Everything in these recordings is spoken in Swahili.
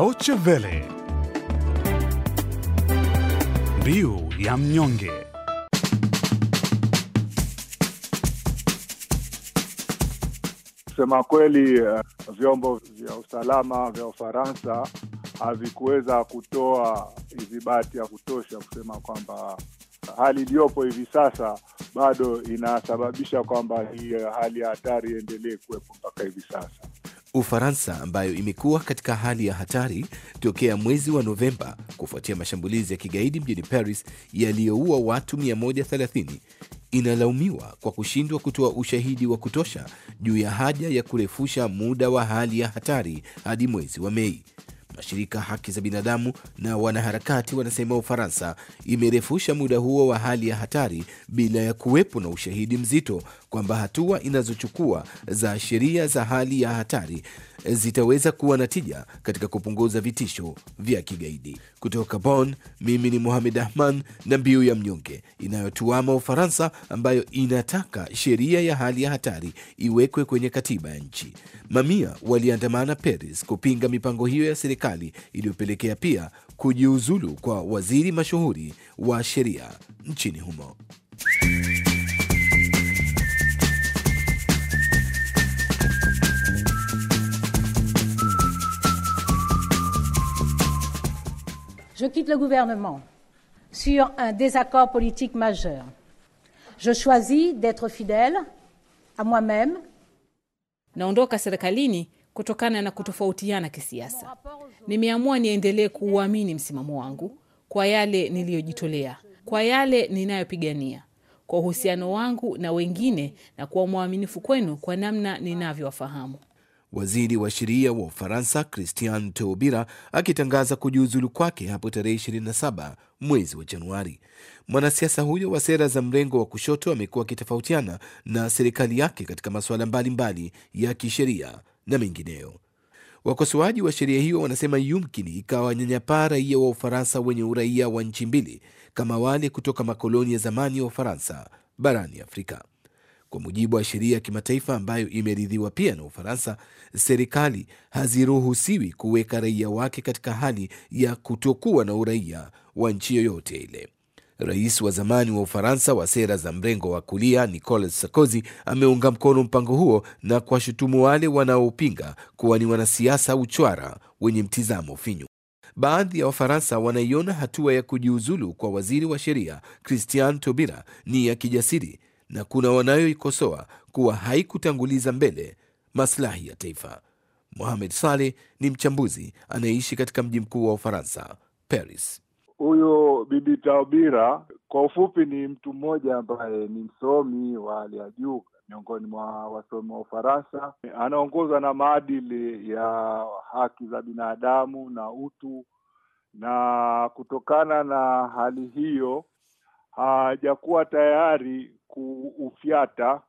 Deutsche Welle, mbiu ya mnyonge. Kusema kweli, eh, vyombo vya usalama vya Ufaransa havikuweza kutoa idhibati ya kutosha kusema kwamba hali iliyopo hivi sasa bado inasababisha kwamba hii hali ya hatari iendelee kuwepo mpaka hivi sasa. Ufaransa ambayo imekuwa katika hali ya hatari tokea mwezi wa Novemba kufuatia mashambulizi ya kigaidi mjini Paris yaliyoua watu 130 inalaumiwa kwa kushindwa kutoa ushahidi wa kutosha juu ya haja ya kurefusha muda wa hali ya hatari hadi mwezi wa Mei. Mashirika haki za binadamu na wanaharakati wanasema Ufaransa imerefusha muda huo wa hali ya hatari bila ya kuwepo na ushahidi mzito kwamba hatua inazochukua za sheria za hali ya hatari zitaweza kuwa na tija katika kupunguza vitisho vya kigaidi. Kutoka Bon, mimi ni Mohamed Ahman na Mbiu ya Mnyonge inayotuama Ufaransa, ambayo inataka sheria ya hali ya hatari iwekwe kwenye katiba ya nchi. Mamia waliandamana Paris kupinga mipango hiyo ya serikali serikali iliyopelekea pia kujiuzulu kwa waziri mashuhuri wa sheria nchini humo. Je quitte le gouvernement sur un désaccord politique majeur. Je choisis d'être fidèle à moi-même. Naondoka serikalini kutokana na kutofautiana kisiasa. Nimeamua niendelee kuuamini msimamo wangu kwa yale niliyojitolea, kwa yale ninayopigania, kwa uhusiano wangu na wengine na kuwa mwaminifu kwenu kwa namna ninavyowafahamu. Waziri wa sheria wa Ufaransa Christian Taubira akitangaza kujiuzulu kwake hapo tarehe 27 mwezi wa Januari. Mwanasiasa huyo wa sera za mrengo wa kushoto amekuwa akitofautiana na serikali yake katika masuala mbalimbali ya kisheria na mengineyo. Wakosoaji wa sheria hiyo wanasema yumkini ikawanyanyapaa raia wa Ufaransa wenye uraia wa nchi mbili kama wale kutoka makoloni ya zamani ya Ufaransa barani Afrika. Kwa mujibu wa sheria ya kimataifa ambayo imeridhiwa pia na Ufaransa, serikali haziruhusiwi kuweka raia wake katika hali ya kutokuwa na uraia wa nchi yoyote ile. Rais wa zamani wa Ufaransa wa sera za mrengo wa kulia Nicolas Sarkozy ameunga mkono mpango huo na kuwashutumu wale wanaopinga kuwa ni wanasiasa uchwara wenye mtizamo finyu. Baadhi ya Wafaransa wanaiona hatua ya kujiuzulu kwa waziri wa sheria Christian Taubira ni ya kijasiri na kuna wanayoikosoa kuwa haikutanguliza mbele maslahi ya taifa. Mohamed Saleh ni mchambuzi anayeishi katika mji mkuu wa Ufaransa, Paris huyo Bibi Taubira kwa ufupi ni mtu mmoja ambaye ni msomi wa hali ya juu miongoni mwa wasomi wa Ufaransa. Anaongozwa na maadili ya haki za binadamu na utu, na kutokana na hali hiyo hajakuwa tayari kuufyata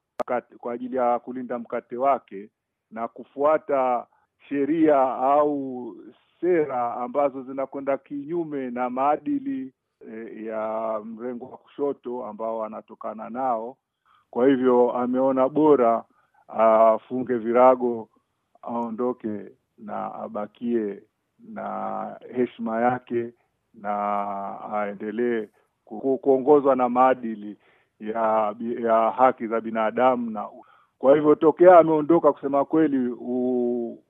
kwa ajili ya kulinda mkate wake na kufuata sheria au sera ambazo zinakwenda kinyume na maadili e, ya mrengo wa kushoto ambao anatokana nao. Kwa hivyo ameona bora afunge virago, aondoke na abakie na heshima yake na aendelee kuongozwa na maadili ya, ya haki za binadamu na kwa hivyo tokea ameondoka, kusema kweli,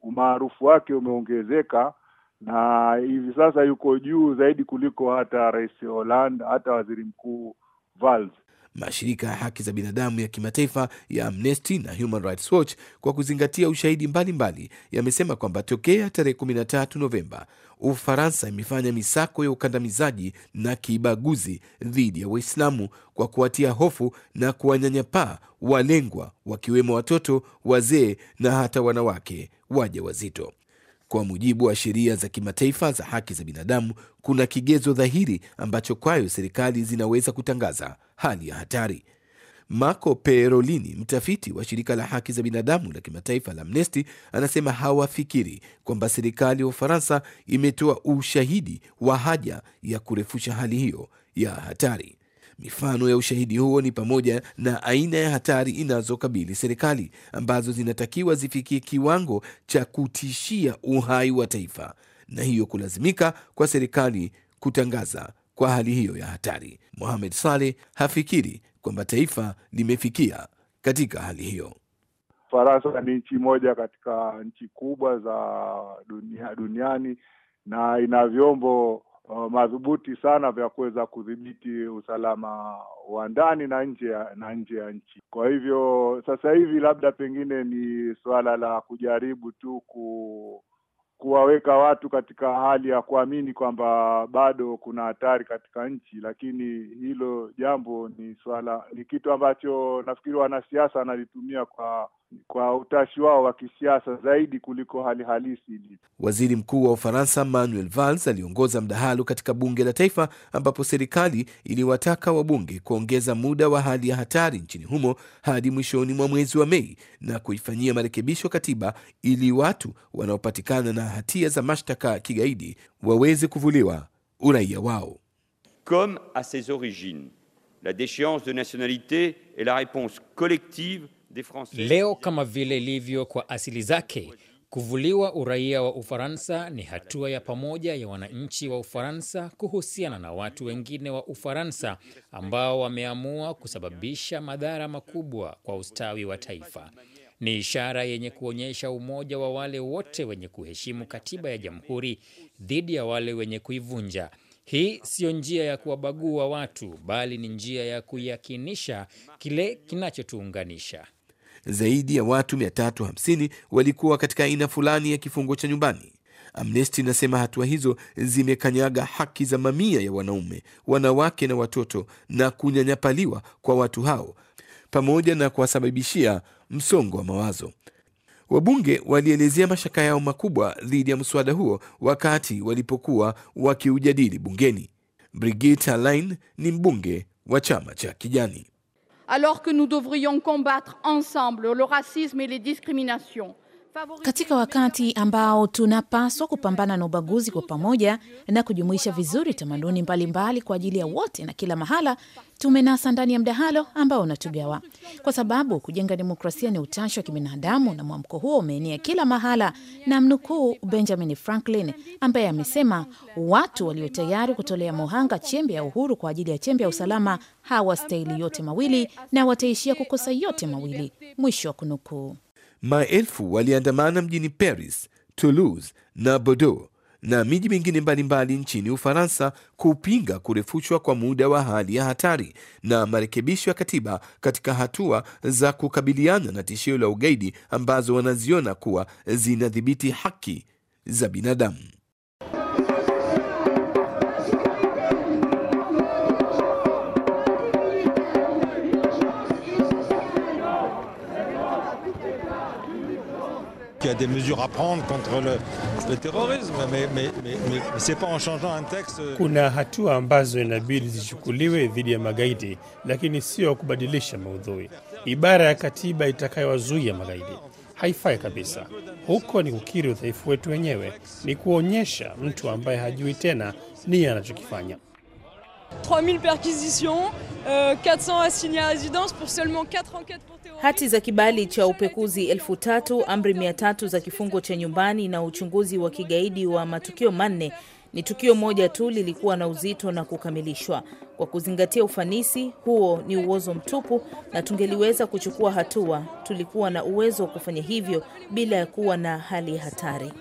umaarufu wake umeongezeka na hivi sasa yuko juu zaidi kuliko hata Rais Hollande, hata Waziri Mkuu Valls. Mashirika ya haki za binadamu ya kimataifa ya Amnesty na Human Rights Watch kwa kuzingatia ushahidi mbalimbali yamesema kwamba tokea tarehe 13 Novemba Ufaransa imefanya misako ya ukandamizaji na kibaguzi dhidi ya Waislamu kwa kuwatia hofu na kuwanyanyapaa walengwa wakiwemo watoto, wazee na hata wanawake waja wazito. Kwa mujibu wa sheria za kimataifa za haki za binadamu, kuna kigezo dhahiri ambacho kwayo serikali zinaweza kutangaza hali ya hatari. Marco Perolini, mtafiti wa shirika la haki za binadamu la kimataifa la Amnesty, anasema hawafikiri kwamba serikali ya Ufaransa imetoa ushahidi wa haja ya kurefusha hali hiyo ya hatari. Mifano ya ushahidi huo ni pamoja na aina ya hatari inazokabili serikali ambazo zinatakiwa zifikie kiwango cha kutishia uhai wa taifa, na hiyo kulazimika kwa serikali kutangaza kwa hali hiyo ya hatari. Mohamed Saleh hafikiri kwamba taifa limefikia katika hali hiyo. faransa ni nchi moja katika nchi kubwa za dunia duniani na ina vyombo Uh, madhubuti sana vya kuweza kudhibiti usalama wa ndani na nje na nje ya nchi. Kwa hivyo sasa hivi labda pengine ni suala la kujaribu tu ku kuwaweka watu katika hali ya kuamini kwamba bado kuna hatari katika nchi, lakini hilo jambo ni swala, ni kitu ambacho nafikiri wanasiasa wanalitumia kwa kwa utashi wao wa kisiasa zaidi kuliko hali halisi ilivyo. Waziri Mkuu wa Ufaransa Manuel Valls aliongoza mdahalo katika Bunge la Taifa ambapo serikali iliwataka wabunge kuongeza muda wa hali ya hatari nchini humo hadi mwishoni mwa mwezi wa Mei na kuifanyia marekebisho katiba ili watu wanaopatikana na hatia za mashtaka ya kigaidi waweze kuvuliwa uraia wao. Comme à ses origines la déchéance de nationalité est la réponse collective Leo kama vile ilivyo kwa asili zake, kuvuliwa uraia wa Ufaransa ni hatua ya pamoja ya wananchi wa Ufaransa kuhusiana na watu wengine wa Ufaransa ambao wameamua kusababisha madhara makubwa kwa ustawi wa taifa. Ni ishara yenye kuonyesha umoja wa wale wote wenye kuheshimu katiba ya jamhuri dhidi ya wale wenye kuivunja. Hii siyo njia ya kuwabagua watu, bali ni njia ya kuiakinisha kile kinachotuunganisha zaidi ya watu 350 walikuwa katika aina fulani ya kifungo cha nyumbani. Amnesty inasema hatua hizo zimekanyaga haki za mamia ya wanaume, wanawake na watoto na kunyanyapaliwa kwa watu hao pamoja na kuwasababishia msongo wa mawazo. Wabunge walielezea mashaka yao makubwa dhidi ya mswada huo wakati walipokuwa wakiujadili bungeni. Brigitte Alain ni mbunge wa chama cha Kijani. alors que nous devrions combattre ensemble le racisme et les discriminations. katika wakati ambao tunapaswa kupambana na ubaguzi kwa pamoja na kujumuisha vizuri tamaduni mbalimbali kwa ajili ya wote na kila mahala, tumenasa ndani ya mdahalo ambao unatugawa, kwa sababu kujenga demokrasia ni utashi wa kibinadamu, na mwamko huo umeenea kila mahala. Na mnukuu Benjamin Franklin ambaye amesema, watu walio tayari kutolea muhanga chembe ya uhuru kwa ajili ya chembe ya usalama hawastahili yote mawili na wataishia kukosa yote mawili, mwisho wa kunukuu. Maelfu waliandamana mjini Paris, Toulouse na Bordeaux na miji mingine mbalimbali nchini Ufaransa kupinga kurefushwa kwa muda wa hali ya hatari na marekebisho ya katiba katika hatua za kukabiliana na tishio la ugaidi ambazo wanaziona kuwa zinadhibiti haki za binadamu. qu'il y a des mesures à prendre contre le, le terrorisme, mais, mais, mais, mais c'est pas en changeant un texte. Euh, Kuna hatua ambazo inabidi zichukuliwe dhidi ya magaidi, lakini sio kubadilisha maudhui. Ibara ya katiba itakayowazuia magaidi haifai kabisa. Huko ni kukiri udhaifu wetu wenyewe, ni kuonyesha mtu ambaye hajui tena nini anachokifanya. 3000 perquisitions, 400 euh, assignés à résidence pour seulement 4 enquêtes hati za kibali cha upekuzi elfu tatu, amri mia tatu za kifungo cha nyumbani na uchunguzi wa kigaidi wa matukio manne ni tukio moja tu lilikuwa na uzito na kukamilishwa kwa kuzingatia ufanisi. Huo ni uozo mtupu, na tungeliweza kuchukua hatua. Tulikuwa na uwezo wa kufanya hivyo bila ya kuwa na hali hatari.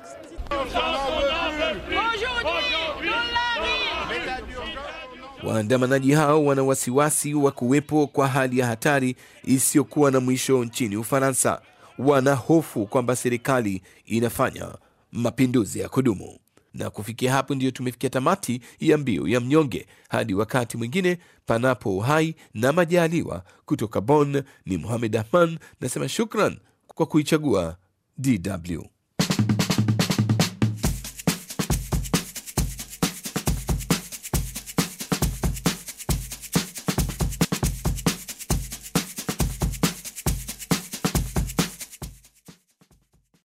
Waandamanaji hao wana wasiwasi wa kuwepo kwa hali ya hatari isiyokuwa na mwisho nchini Ufaransa. Wana hofu kwamba serikali inafanya mapinduzi ya kudumu. Na kufikia hapo, ndiyo tumefikia tamati ya mbio ya Mnyonge. Hadi wakati mwingine, panapo uhai na majaliwa. Kutoka Bonn ni muhamed Ahman, nasema shukran kwa kuichagua DW.